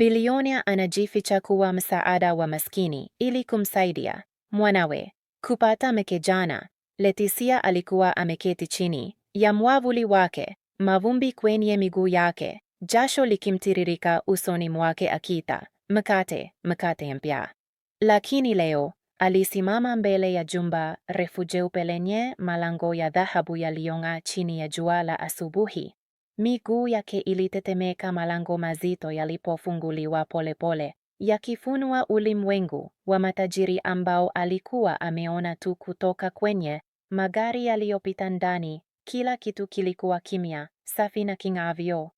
bilionea anajificha kuwa msaada wa maskini ili kumsaidia mwanawe kupata mekejana Letisia alikuwa ameketi chini ya mwavuli wake, mavumbi kwenye miguu yake, jasho likimtiririka usoni mwake, akita mkate, mkate mpya. Lakini leo alisimama mbele ya jumba refu jeupe lenye malango ya dhahabu yaliyong'aa chini ya jua la asubuhi. Miguu yake ilitetemeka, malango mazito yalipofunguliwa polepole, yakifunua ulimwengu wa matajiri ambao alikuwa ameona tu kutoka kwenye magari yaliyopita. Ndani kila kitu kilikuwa kimya, safi na king'avyo.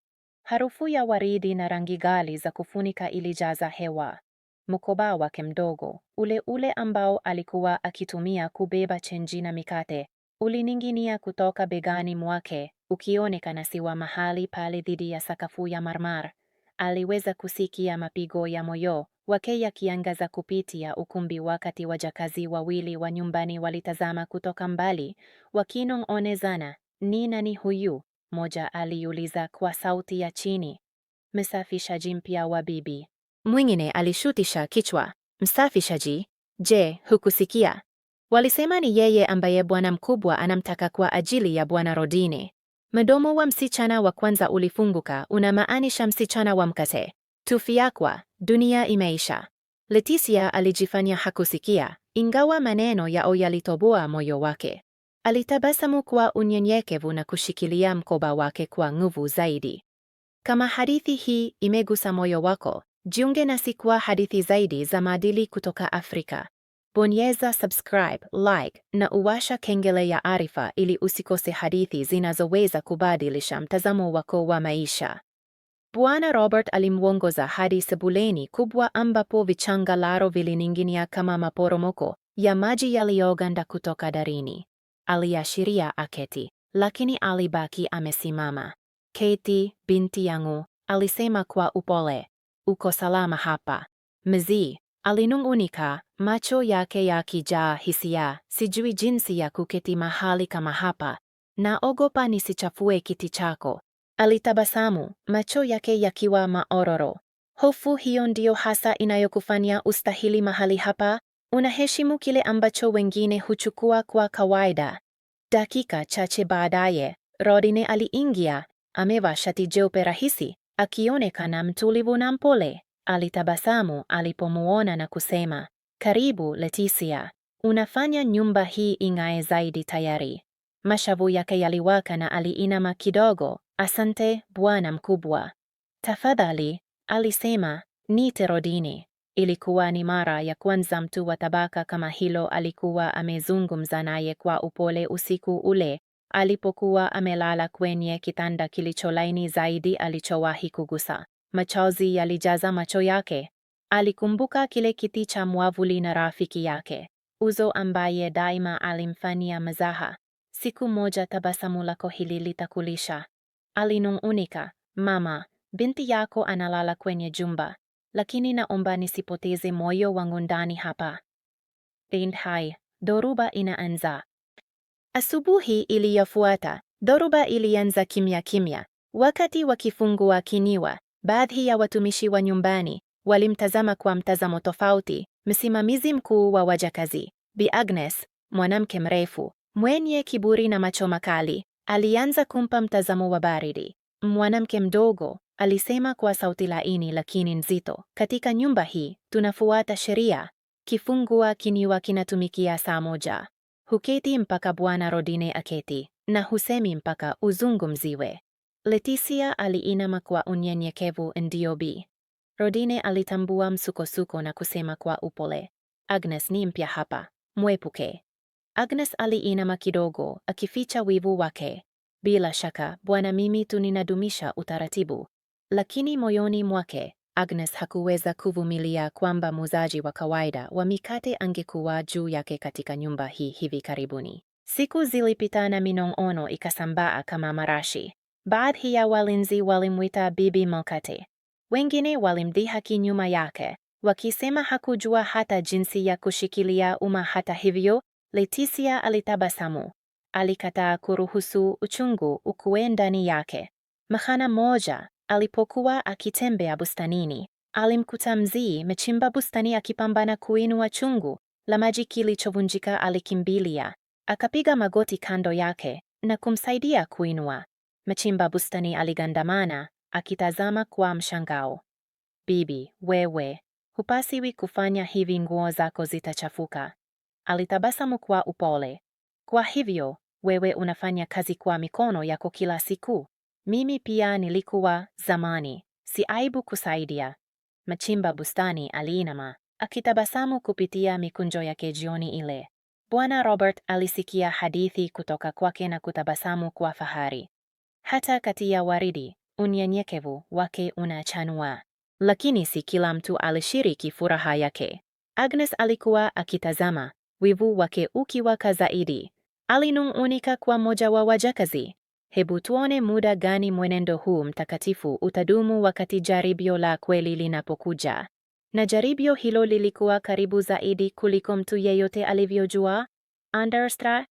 Harufu ya waridi na rangi ghali za kufunika ilijaza hewa. Mkoba wake mdogo, ule ule ambao alikuwa akitumia kubeba chenji na mikate, ulining'inia kutoka begani mwake, ukionekana si wa mahali pale dhidi ya sakafu ya marmar. Aliweza kusikia mapigo ya moyo wake yakiangaza kupitia ukumbi, wakati wajakazi wawili wa nyumbani walitazama kutoka mbali wakinong'onezana. Ni nani huyu? Moja aliuliza kwa sauti ya chini. Msafishaji mpya wa bibi. Mwingine alishutisha kichwa. Msafishaji? Je, hukusikia? Walisema ni yeye ambaye bwana mkubwa anamtaka kwa ajili ya bwana Rodine. Mdomo wa msichana wa kwanza ulifunguka, unamaanisha msichana wa mkate. tufiakwa dunia imeisha. Leticia alijifanya hakusikia, ingawa maneno yao yalitoboa moyo wake. Alitabasamu kwa unyenyekevu na kushikilia mkoba wake kwa nguvu zaidi. Kama hadithi hii imegusa moyo wako, jiunge nasi kwa hadithi zaidi za maadili kutoka Afrika. Bonyeza subscribe, like na uwasha kengele ya arifa ili usikose hadithi zinazoweza kubadilisha mtazamo wako wa maisha. Bwana Robert alimwongoza hadi sebuleni kubwa ambapo vichangalaro vilining'inia kama maporomoko ya maji yaliyoganda kutoka darini. Aliashiria aketi, lakini alibaki amesimama. Keti, binti yangu, alisema kwa upole, uko salama hapa. Mzee, Alinung'unika, macho yake yakijaa hisia. Sijui jinsi ya kuketi mahali kama hapa, naogopa nisichafue kiti chako. Alitabasamu, macho yake yakiwa maororo. Hofu hiyo ndiyo hasa inayokufanya ustahili mahali hapa. Unaheshimu kile ambacho wengine huchukua kwa kawaida. Dakika chache baadaye, Rodine aliingia, amevaa shati jeupe rahisi, akionekana mtulivu na mpole. Alitabasamu alipomuona na kusema, karibu Leticia, unafanya nyumba hii ing'ae zaidi tayari. Mashavu yake yaliwaka na aliinama kidogo. Asante bwana mkubwa. Tafadhali, alisema, ni Rodini. Ilikuwa ni mara ya kwanza mtu wa tabaka kama hilo alikuwa amezungumza naye kwa upole usiku ule alipokuwa amelala kwenye kitanda kilicho laini zaidi alichowahi kugusa. Machozi yalijaza macho yake. Alikumbuka kile kiti cha mwavuli na rafiki yake, Uzo ambaye daima alimfanyia mazaha. Siku moja tabasamu lako hili litakulisha. Alinung'unika, mama, binti yako analala kwenye jumba, lakini naomba nisipoteze moyo wangu ndani hapa. Hai, dhoruba inaanza. Asubuhi iliyofuata, dhoruba ilianza kimya kimya. Wakati wakifungua kiniwa Baadhi ya watumishi wa nyumbani walimtazama kwa mtazamo tofauti. Msimamizi mkuu wa wajakazi Bi Agnes, mwanamke mrefu mwenye kiburi na macho makali, alianza kumpa mtazamo wa baridi. Mwanamke mdogo alisema kwa sauti laini lakini nzito, katika nyumba hii tunafuata sheria. Kifungua kinywa kinatumikia saa moja. Huketi mpaka Bwana Rodine aketi na husemi mpaka uzungumziwe. Leticia aliinama kwa unyenyekevu ndio Bi Rodine alitambua msukosuko na kusema kwa upole, Agnes ni mpya hapa, mwepuke. Agnes aliinama kidogo, akificha wivu wake. Bila shaka, bwana, mimi tu ninadumisha utaratibu. Lakini moyoni mwake Agnes hakuweza kuvumilia kwamba muuzaji wa kawaida wa mikate angekuwa juu yake katika nyumba hii hivi karibuni. Siku zilipita na minong'ono ikasambaa kama marashi. Baadhi ya walinzi walimwita Bibi Mokate, wengine walimdhihaki nyuma yake wakisema hakujua hata jinsi ya kushikilia umma. Hata hivyo, Letisia alitabasamu. Alikataa kuruhusu uchungu ukuwe ndani yake. mahana moja alipokuwa akitembea bustanini, alimkuta mzee mchimba bustani akipambana kuinua chungu la maji kilichovunjika. Alikimbilia, akapiga magoti kando yake na kumsaidia kuinua. Mchimba bustani aligandamana, akitazama kwa mshangao. Bibi, wewe, hupasiwi kufanya hivi, nguo zako zitachafuka. Alitabasamu kwa upole. Kwa hivyo, wewe unafanya kazi kwa mikono yako kila siku. Mimi pia nilikuwa zamani, si aibu kusaidia. Mchimba bustani aliinama, akitabasamu kupitia mikunjo yake. Jioni ile Bwana Robert alisikia hadithi kutoka kwake na kutabasamu kwa fahari. Hata kati ya waridi, unyenyekevu wake unachanua. Lakini si kila mtu alishiriki furaha yake. Agnes alikuwa akitazama, wivu wake ukiwaka zaidi. Alinung'unika kwa moja wa wajakazi, hebu tuone muda gani mwenendo huu mtakatifu utadumu wakati jaribio la kweli linapokuja. Na jaribio hilo lilikuwa karibu zaidi kuliko mtu yeyote alivyojua. Anderstra,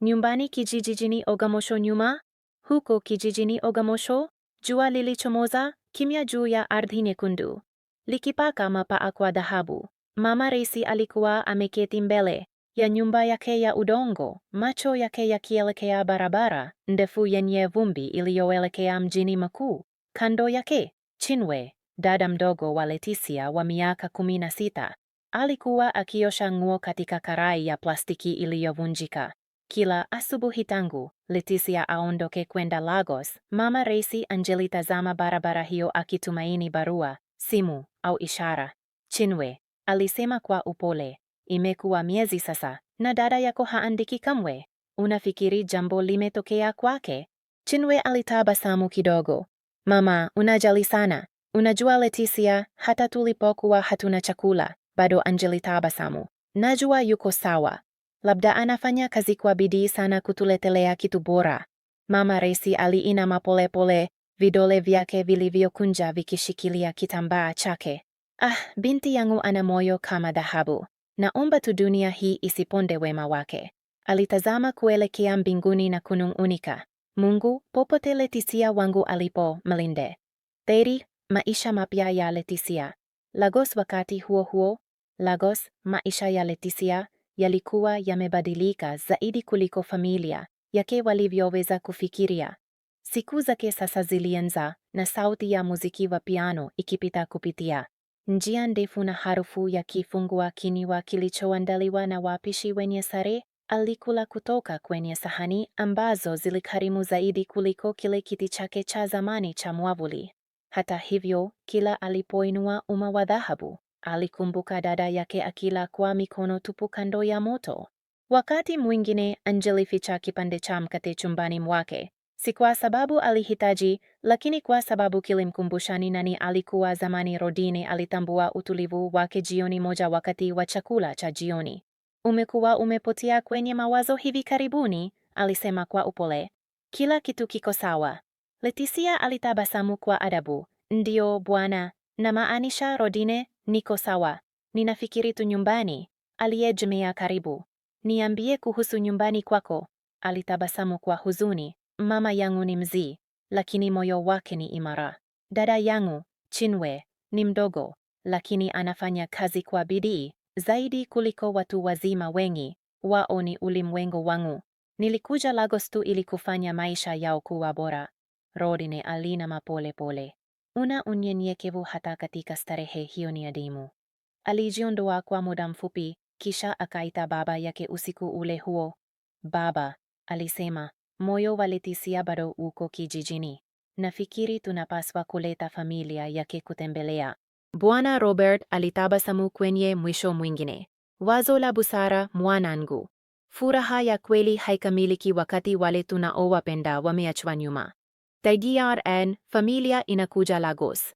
nyumbani kijijini ogamosho nyuma, huko kijijini ogamosho jua lilichomoza kimya juu ya ardhi nyekundu, likipaka mapaa kwa dhahabu. Mama Resi alikuwa ameketi mbele ya nyumba yake ya udongo, macho yake yakielekea barabara ndefu yenye vumbi iliyoelekea mjini mkuu. Kando yake Chinwe, dada mdogo wa Letisia wa miaka kumi na sita, alikuwa akiosha nguo katika karai ya plastiki iliyovunjika. Kila asubuhi tangu Leticia aondoke kwenda Lagos, mama Reisi angelitazama barabara hiyo akitumaini barua, simu au ishara. Chinwe alisema kwa upole, imekuwa miezi sasa na dada yako haandiki kamwe. Unafikiri jambo limetokea kwake? Chinwe alitabasamu kidogo. Mama, unajali sana. Unajua Leticia, hata tulipokuwa hatuna chakula bado angelitabasamu. Najua yuko sawa, Labda anafanya kazi kwa bidii sana kutuletelea kitu bora. Mama Resi aliinama polepole, vidole vyake vilivyokunja vikishikilia kitambaa chake. Ah, binti yangu ana moyo kama dhahabu. Naomba tu dunia hii isiponde wema wake. Alitazama kuelekea mbinguni na kunung'unika. Mungu, popote Letisia wangu alipo, mlinde. Teri, maisha mapya ya Letisia. Lagos wakati huo huo, Lagos, maisha ya Letisia, yalikuwa yamebadilika zaidi kuliko familia yake walivyoweza kufikiria. Siku zake sasa zilianza na sauti ya muziki wa piano ikipita kupitia njia ndefu na harufu ya kifungua kinywa kilichoandaliwa na wapishi wenye sare. Alikula kutoka kwenye sahani ambazo zilikarimu zaidi kuliko kile kiti chake cha zamani cha mwavuli. Hata hivyo, kila alipoinua uma wa dhahabu, alikumbuka dada yake akila kwa mikono tupu kando ya moto. Wakati mwingine ficha kipande cha mkate chumbani mwake, si kwa sababu alihitaji, lakini kwa sababu kilimkumbusha ni nani alikuwa zamani. Rodine alitambua utulivu wake jioni moja, wakati wa chakula cha jioni. Umekuwa umepotea kwenye mawazo hivi karibuni, alisema kwa upole. Kila kitu kiko sawa. Leticia alitabasamu kwa adabu. Ndio bwana, namaanisha Rodine, Niko sawa, ninafikiri tu nyumbani, aliyejemea karibu. Niambie kuhusu nyumbani kwako. Alitabasamu kwa huzuni. Mama yangu ni mzee, lakini moyo wake ni imara. Dada yangu Chinwe ni mdogo, lakini anafanya kazi kwa bidii zaidi kuliko watu wazima wengi. Wao ni ulimwengu wangu. Nilikuja Lagos tu ili kufanya maisha yao kuwa bora. Rodine alinama polepole. Una unyenyekevu hata katika starehe hiyo ni adimu. Alijiondoa kwa muda mfupi, kisha akaita baba yake usiku ule huo. Baba, alisema, moyo waletisia bado uko kijijini. Nafikiri tunapaswa kuleta familia yake kutembelea. Bwana Robert alitabasamu kwenye mwisho mwingine. Wazo la busara, mwanangu. Furaha ya kweli haikamiliki wakati wale tunaowapenda wameachwa nyuma. Tegiar en familia inakuja Lagos.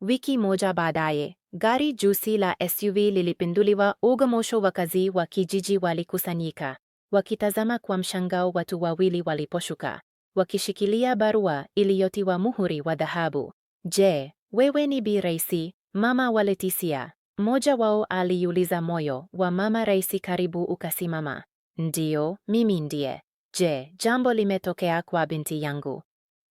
Wiki moja baadaye, gari jusi la SUV lilipinduliwa. Ugomosho, wakazi wa kijiji walikusanyika wakitazama kwa mshangao watu wawili waliposhuka wakishikilia barua iliyotiwa muhuri wa dhahabu. Je, wewe ni Bi Raisi, mama wa Leticia? Mmoja wao aliuliza. Moyo wa mama Raisi karibu ukasimama. Ndiyo, mimi ndiye. Je, jambo limetokea kwa binti yangu?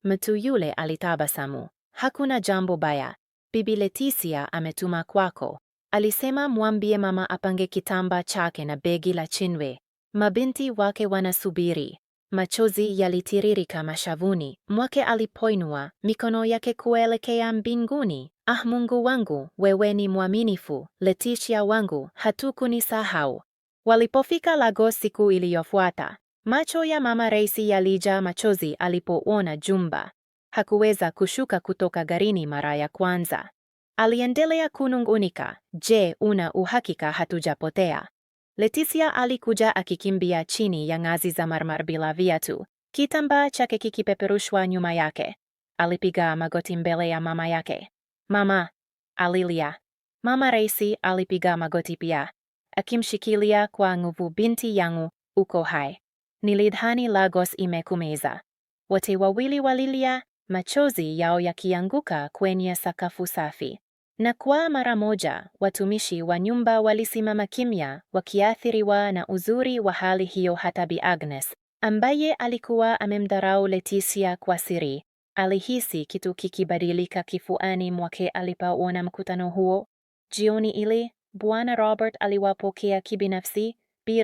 Mtu yule alitabasamu. Hakuna jambo baya, Bibi Leticia ametuma kwako. Alisema mwambie mama apange kitamba chake na begi la Chinwe. Mabinti wake wanasubiri. Machozi yalitiririka mashavuni mwake alipoinua mikono yake kuelekea mbinguni. Ah, Mungu wangu, wewe ni mwaminifu. Leticia wangu, hatukunisahau. Walipofika Lagos siku iliyofuata, Macho ya mama Raisi yalijaa machozi alipoona Jumba. Hakuweza kushuka kutoka garini mara ya kwanza. Aliendelea kunungunika, je, una uhakika hatujapotea? Leticia alikuja akikimbia chini ya ngazi za marmar bila viatu, kitambaa chake kikipeperushwa nyuma yake. Alipiga magoti mbele ya mama yake. Mama, alilia. Mama Raisi alipiga magoti pia, akimshikilia kwa nguvu. Binti yangu, uko hai. Nilidhani Lagos imekumeza. Wote wawili walilia, machozi yao yakianguka kwenye sakafu safi. Na kwa mara moja, watumishi wa nyumba walisimama kimya, wakiathiriwa na uzuri wa hali hiyo. Hata Bi Agnes ambaye alikuwa amemdharau Leticia kwa siri alihisi kitu kikibadilika kifuani mwake alipoona mkutano huo. Jioni ile, Bwana Robert aliwapokea kibinafsi, Bi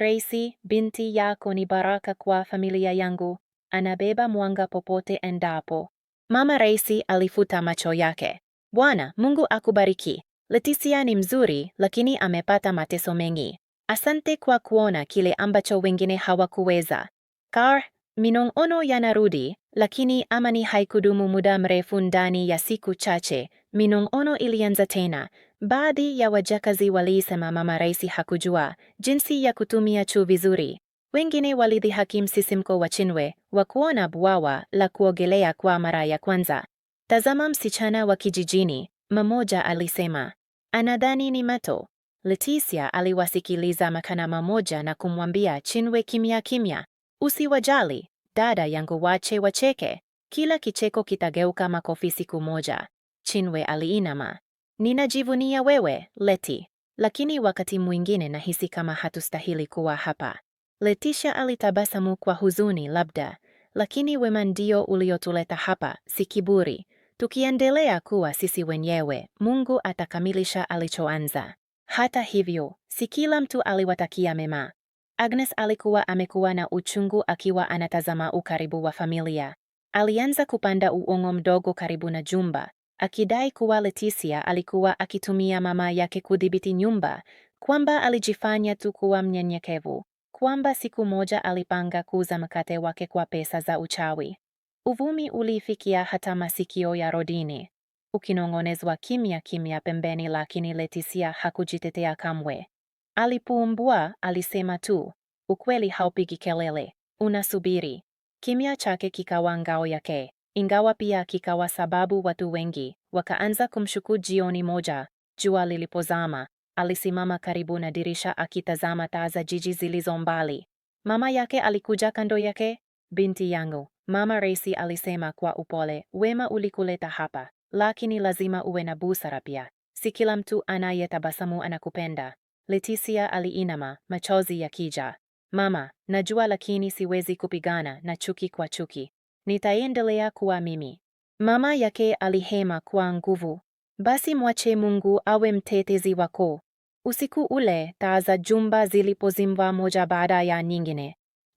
binti yako ni baraka kwa familia yangu, anabeba mwanga popote endapo. Mama raisi alifuta macho yake. Bwana Mungu akubariki. Leticia ni mzuri, lakini amepata mateso mengi. Asante kwa kuona kile ambacho wengine hawakuweza. Kar, minong'ono yanarudi, lakini amani haikudumu muda mrefu. Ndani ya siku chache minong'ono ilianza tena, Baadhi ya wajakazi waliisema mama raisi hakujua jinsi ya kutumia chuu vizuri. Wengine walidhihaki msisimko wa Chinwe wa kuona bwawa la kuogelea kwa mara ya kwanza. Tazama msichana wa kijijini, mmoja alisema. Anadhani ni mato. Leticia aliwasikiliza makana mamoja na kumwambia Chinwe kimya kimya, usiwajali dada yangu, wache wacheke, kila kicheko kitageuka makofi siku moja. Chinwe aliinama Ninajivunia wewe, Leti, lakini wakati mwingine nahisi kama hatustahili kuwa hapa. Letisha alitabasamu kwa huzuni labda, lakini wema ndio uliotuleta hapa, si kiburi. Tukiendelea kuwa sisi wenyewe, Mungu atakamilisha alichoanza. Hata hivyo, si kila mtu aliwatakia mema. Agnes alikuwa amekuwa na uchungu akiwa anatazama ukaribu wa familia. Alianza kupanda uongo mdogo karibu na jumba, akidai kuwa Leticia alikuwa akitumia mama yake kudhibiti nyumba, kwamba alijifanya tu kuwa mnyenyekevu, kwamba siku moja alipanga kuuza mkate wake kwa pesa za uchawi. Uvumi ulifikia hata masikio ya Rodini, ukinong'onezwa kimya kimya pembeni, lakini Leticia hakujitetea kamwe. Alipumbua, alisema tu, ukweli haupigi kelele, unasubiri. Kimya chake kikawa ngao yake, ingawa pia kikawa sababu watu wengi wakaanza kumshuku. Jioni moja, jua lilipozama, alisimama karibu na dirisha akitazama taa za jiji zilizo mbali. Mama yake alikuja kando yake. Binti yangu, Mama Reisi alisema kwa upole, wema ulikuleta hapa, lakini lazima uwe na busara pia. Si kila mtu anayetabasamu anakupenda. Leticia aliinama, machozi yakija. Mama, najua, lakini siwezi kupigana na chuki kwa chuki nitaendelea kuwa mimi. Mama yake alihema kwa nguvu, basi mwache Mungu awe mtetezi wako. Usiku ule taa za jumba zilipozimwa moja baada ya nyingine,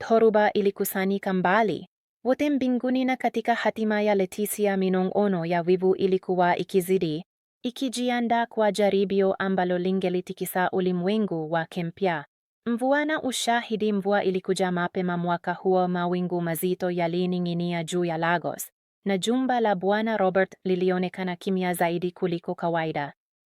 dhoruba ilikusanyika mbali. Wote mbinguni na katika hatima ya Letisia, minong'ono ya wivu ilikuwa ikizidi, ikijiandaa kwa jaribio ambalo lingelitikisa ulimwengu wake mpya. Mvuana ushahidi. Mvua ilikuja mapema mwaka huo, mawingu mazito yalining'inia juu ya Lagos na jumba la Bwana Robert lilionekana kimya zaidi kuliko kawaida.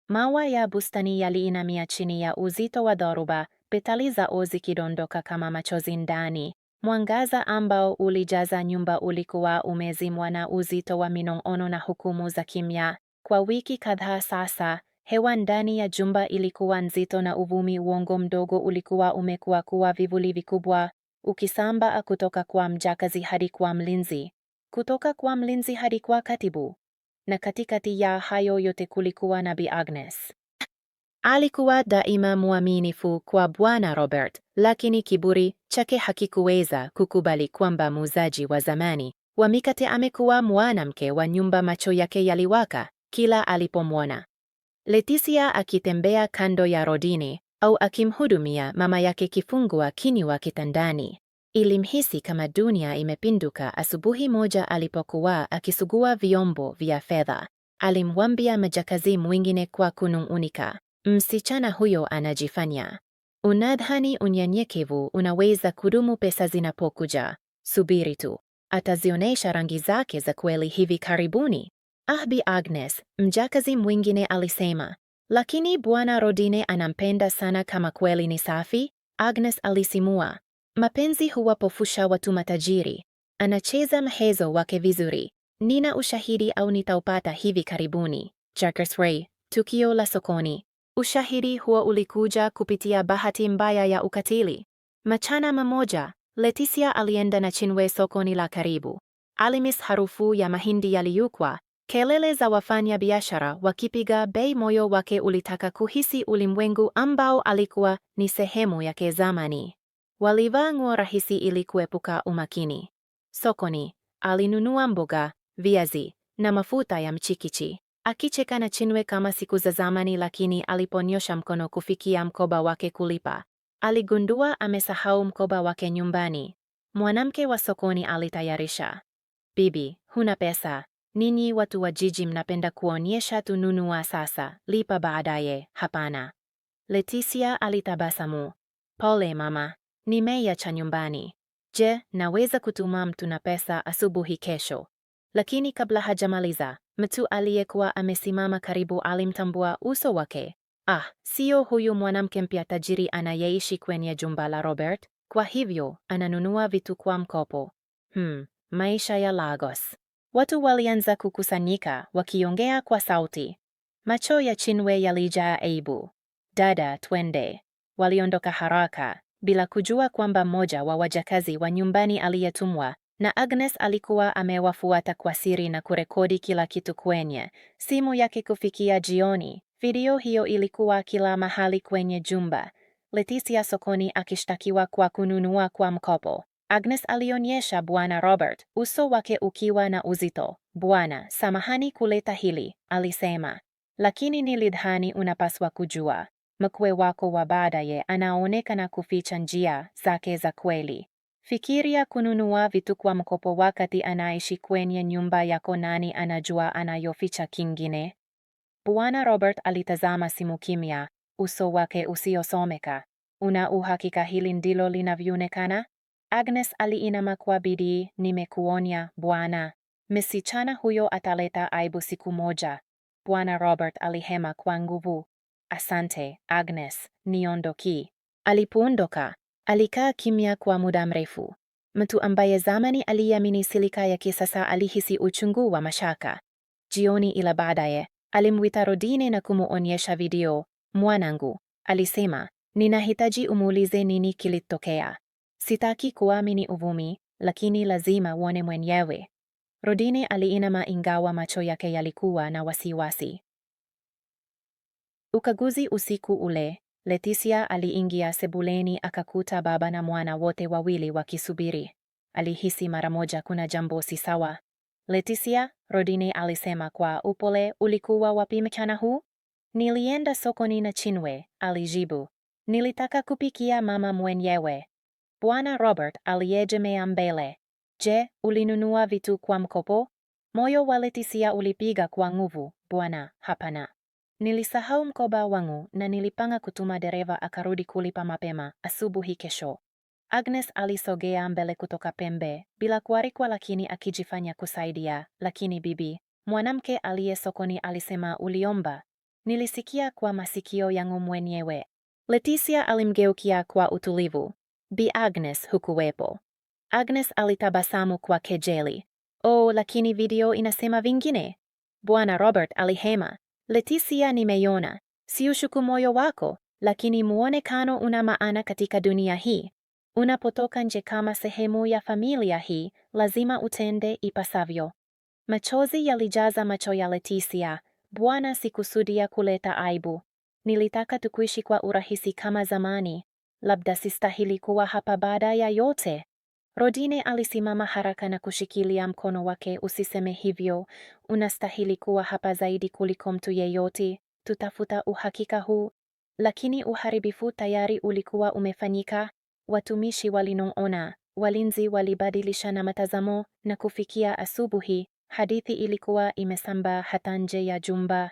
mawa ya bustani yaliinamia chini ya uzito wa dhoruba, petali zao zikidondoka kama machozi ndani. Mwangaza ambao ulijaza nyumba ulikuwa umezimwa na uzito wa minong'ono na hukumu za kimya. Kwa wiki kadhaa sasa, Hewa ndani ya jumba ilikuwa nzito na uvumi uongo mdogo ulikuwa umekuwa kuwa vivuli vikubwa, ukisambaa kutoka kwa mjakazi hadi kwa mlinzi, kutoka kwa mlinzi hadi kwa katibu. Na katikati ya hayo yote kulikuwa na Bi Agnes. Alikuwa daima mwaminifu kwa Bwana Robert, lakini kiburi chake hakikuweza kukubali kwamba muuzaji wa zamani wa mikate amekuwa mwanamke wa nyumba. Macho yake yaliwaka kila alipomwona. Leticia akitembea kando ya rodini au akimhudumia mama yake kifungua kinywa kitandani. Ilimhisi kama dunia imepinduka. Asubuhi moja alipokuwa akisugua vyombo vya fedha, alimwambia majakazi mwingine kwa kunung'unika, msichana huyo anajifanya. Unadhani unyenyekevu unaweza kudumu pesa zinapokuja? Subiri tu, atazionyesha rangi zake za kweli hivi karibuni ahbi Agnes, mjakazi mwingine alisema. Lakini Bwana Rodine anampenda sana kama kweli ni safi, Agnes alisimua. Mapenzi huwapofusha watu matajiri. Anacheza mhezo wake vizuri. Nina ushahidi au nitaupata hivi karibuni. Jacques Ray, tukio la sokoni. Ushahidi huo ulikuja kupitia bahati mbaya ya ukatili. Machana mamoja, Leticia alienda na Chinwe sokoni la karibu. Alimis harufu ya mahindi yaliyukwa kelele za wafanyabiashara wakipiga bei, moyo wake ulitaka kuhisi ulimwengu ambao alikuwa ni sehemu yake zamani. Walivaa nguo rahisi ili kuepuka umakini. Sokoni alinunua mboga, viazi na mafuta ya mchikichi, akicheka na Chinwe kama siku za zamani. Lakini aliponyosha mkono kufikia mkoba wake kulipa, aligundua amesahau mkoba wake nyumbani. Mwanamke wa sokoni alitayarisha, bibi, huna pesa? Ninyi watu wa jiji mnapenda kuonyesha tununua sasa, lipa baadaye. Hapana. Leticia alitabasamu. Pole mama, nimeiacha nyumbani. Je, naweza kutuma mtu na pesa asubuhi kesho? Lakini kabla hajamaliza, mtu aliyekuwa amesimama karibu alimtambua uso wake. Ah, sio huyu mwanamke mpya tajiri anayeishi kwenye jumba la Robert, kwa hivyo ananunua vitu kwa mkopo. Hmm, maisha ya Lagos. Watu walianza kukusanyika wakiongea kwa sauti. Macho ya Chinwe yalijaa aibu. Dada, twende. Waliondoka haraka bila kujua kwamba mmoja wa wajakazi wa nyumbani aliyetumwa na Agnes alikuwa amewafuata kwa siri na kurekodi kila kitu kwenye simu yake. Kufikia jioni, video hiyo ilikuwa kila mahali kwenye jumba. Leticia sokoni akishtakiwa kwa kununua kwa mkopo. Agnes alionyesha Bwana Robert, uso wake ukiwa na uzito. Bwana, samahani kuleta hili, alisema, lakini nilidhani unapaswa kujua mkwe wako wa baadaye anaonekana kuficha njia zake za kweli. Fikiria kununua vitu kwa mkopo wakati anaishi kwenye nyumba yako. Nani anajua anayoficha kingine? Bwana Robert alitazama simu kimya, uso wake usiosomeka. Una uhakika hili ndilo linavyoonekana? Agnes aliinama kwa bidii. Nimekuonya bwana, msichana huyo ataleta aibu siku moja. Bwana Robert alihema kwa nguvu. Asante Agnes, niondoki. Alipoondoka alikaa kimya kwa muda mrefu. Mtu ambaye zamani aliamini silika ya kisasa alihisi uchungu wa mashaka. Jioni ila baadaye alimwita Rodine na kumuonyesha video. Mwanangu, alisema, ninahitaji umuulize nini kilitokea. Sitaki kuamini uvumi, lakini lazima uone mwenyewe. Rodine aliinama ingawa macho yake yalikuwa na wasiwasi. Ukaguzi usiku ule, Leticia aliingia sebuleni akakuta baba na mwana wote wawili wakisubiri. Alihisi mara moja kuna jambo si sawa. Leticia, Rodine alisema kwa upole, ulikuwa wapi mchana huu? Nilienda sokoni na Chinwe, alijibu. Nilitaka kupikia mama mwenyewe, Bwana Robert aliegemea mbele. Je, ulinunua vitu kwa mkopo? Moyo wa letisia ulipiga kwa nguvu. Bwana, hapana. Nilisahau mkoba wangu na nilipanga kutuma dereva akarudi kulipa mapema asubuhi kesho. Agnes alisogea mbele kutoka pembe bila kuarikwa, lakini akijifanya kusaidia. Lakini bibi, mwanamke aliye sokoni alisema uliomba. Nilisikia kwa masikio yangu mwenyewe. Leticia alimgeukia kwa utulivu. Bi Agnes hukuwepo. Agnes alitabasamu kwa kejeli. Oh, lakini video inasema vingine. Bwana Robert alihema. Leticia, nimeiona. Siushuku moyo wako, lakini muonekano una maana katika dunia hii. Unapotoka nje kama sehemu ya familia hii, lazima utende ipasavyo. Machozi yalijaza macho ya Leticia. Bwana, sikusudia kuleta aibu. Nilitaka tukuishi kwa urahisi kama zamani. Labda sistahili kuwa hapa baada ya yote. Rodine alisimama haraka na kushikilia mkono wake. Usiseme hivyo, unastahili kuwa hapa zaidi kuliko mtu yeyote. Tutafuta uhakika huu. Lakini uharibifu tayari ulikuwa umefanyika. Watumishi walinong'ona, walinzi walibadilishana matazamo, na kufikia asubuhi hadithi ilikuwa imesambaa hata nje ya jumba.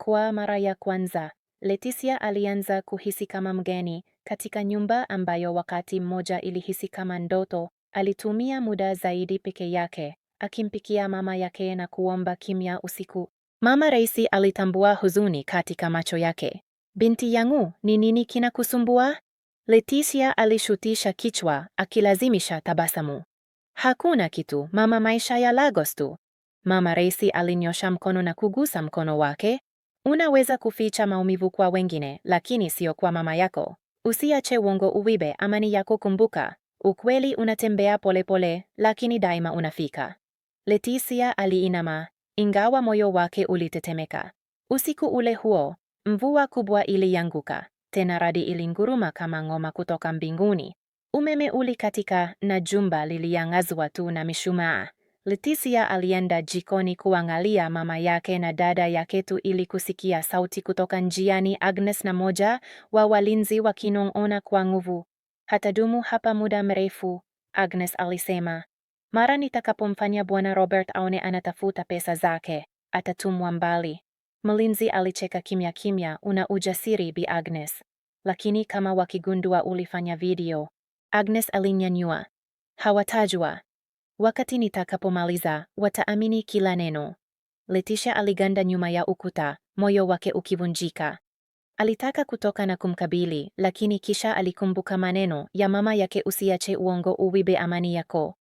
Kwa mara ya kwanza Leticia alianza kuhisi kama mgeni, katika nyumba ambayo wakati mmoja ilihisi kama ndoto, alitumia muda zaidi peke yake, akimpikia mama yake na kuomba kimya usiku. Mama Raisi alitambua huzuni katika macho yake. Binti yangu, ni nini kinakusumbua? Leticia alishutisha kichwa, akilazimisha tabasamu. Hakuna kitu, mama, maisha ya Lagos tu. Mama Raisi alinyosha mkono na kugusa mkono wake. Unaweza kuficha maumivu kwa wengine, lakini sio kwa mama yako. Usiache uongo uwibe amani yako. Kumbuka, ukweli unatembea polepole pole, lakini daima unafika. Leticia aliinama ingawa moyo wake ulitetemeka. Usiku ule huo, mvua kubwa ilianguka tena, radi ilinguruma kama ngoma kutoka mbinguni. Umeme ulikatika na jumba liliangazwa tu na mishumaa. Leticia alienda jikoni kuangalia mama yake na dada yake tu ili kusikia sauti kutoka njiani, Agnes na moja wa walinzi wakinong'ona kwa nguvu. Hatadumu hapa muda mrefu, Agnes alisema. Mara nitakapomfanya Bwana Robert aone anatafuta pesa zake, atatumwa mbali. Mlinzi alicheka kimya kimya, una ujasiri Bi Agnes, lakini kama wakigundua ulifanya video. Agnes alinyanyua. Hawatajua. Wakati nitakapomaliza, wataamini kila neno. letisha aliganda nyuma ya ukuta, moyo wake ukivunjika. Alitaka kutoka na kumkabili, lakini kisha alikumbuka maneno ya mama yake, usiache uongo uwibe amani yako.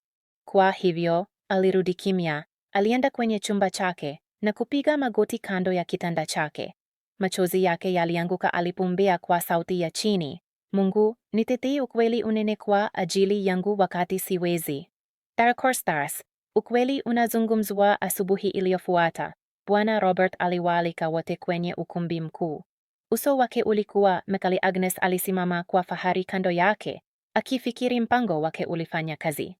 Kwa hivyo, alirudi kimya, alienda kwenye chumba chake na kupiga magoti kando ya kitanda chake. Machozi yake yalianguka alipumbea kwa sauti ya chini, Mungu, nitetee ukweli unene kwa ajili yangu wakati siwezi. Darko ukweli unazungumzwa. Asubuhi iliyofuata Bwana Robert aliwaalika wote kwenye ukumbi mkuu. Uso wake ulikuwa mekali. Agnes alisimama kwa fahari kando yake, akifikiri mpango wake ulifanya kazi,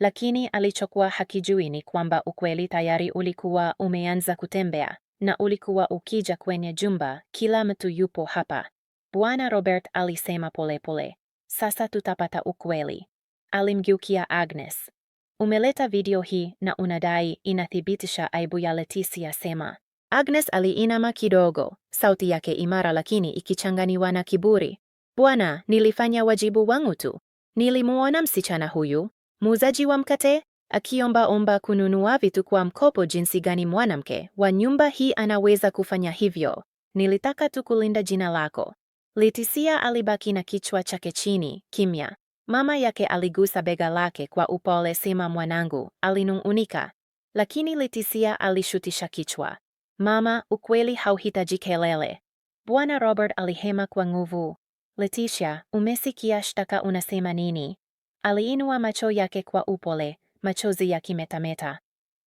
lakini alichokuwa hakijui ni kwamba ukweli tayari ulikuwa umeanza kutembea na ulikuwa ukija kwenye jumba. Kila mtu yupo hapa, Bwana Robert alisema polepole pole. Sasa tutapata ukweli. Alimgeukia Agnes. Umeleta video hii na unadai inathibitisha aibu ya Leticia, sema. Agnes aliinama kidogo, sauti yake imara lakini ikichanganiwa na kiburi. Bwana, nilifanya wajibu wangu tu. Nilimuona msichana huyu muuzaji wa mkate akiomba omba kununua vitu kwa mkopo. Jinsi gani mwanamke wa nyumba hii anaweza kufanya hivyo? Nilitaka tu kulinda jina lako. Leticia alibaki na kichwa chake chini, kimya. Mama yake aligusa bega lake kwa upole. Sema mwanangu, alinung'unika, lakini Letisia alishutisha kichwa. Mama, ukweli hauhitaji kelele. Bwana Robert alihema kwa nguvu. Leticia, umesikia shtaka unasema nini? Aliinua macho yake kwa upole, machozi yakimetameta.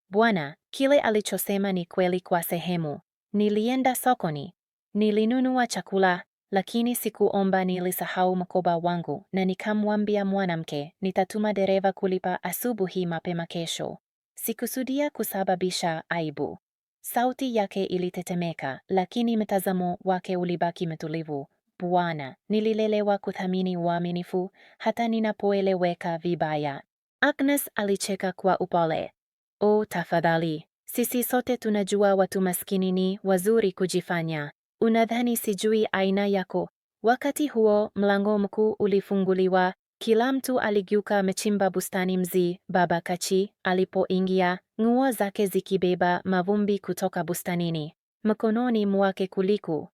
Bwana, kile alichosema ni kweli kwa sehemu. Nilienda sokoni, nilinunua chakula, lakini sikuomba, nilisahau mkoba wangu na nikamwambia mwanamke, nitatuma dereva kulipa asubuhi mapema kesho. Sikusudia kusababisha aibu. Sauti yake ilitetemeka, lakini mtazamo wake ulibaki mtulivu. Bwana, nililelewa kuthamini uaminifu hata ninapoeleweka vibaya. Agnes alicheka kwa upole. O, tafadhali, sisi sote tunajua watu maskini ni wazuri kujifanya unadhani sijui aina yako. Wakati huo mlango mkuu ulifunguliwa, kila mtu aligeuka. mechimba bustani mzee Baba Kachi alipoingia, nguo zake zikibeba mavumbi kutoka bustanini, mkononi mwake kuliku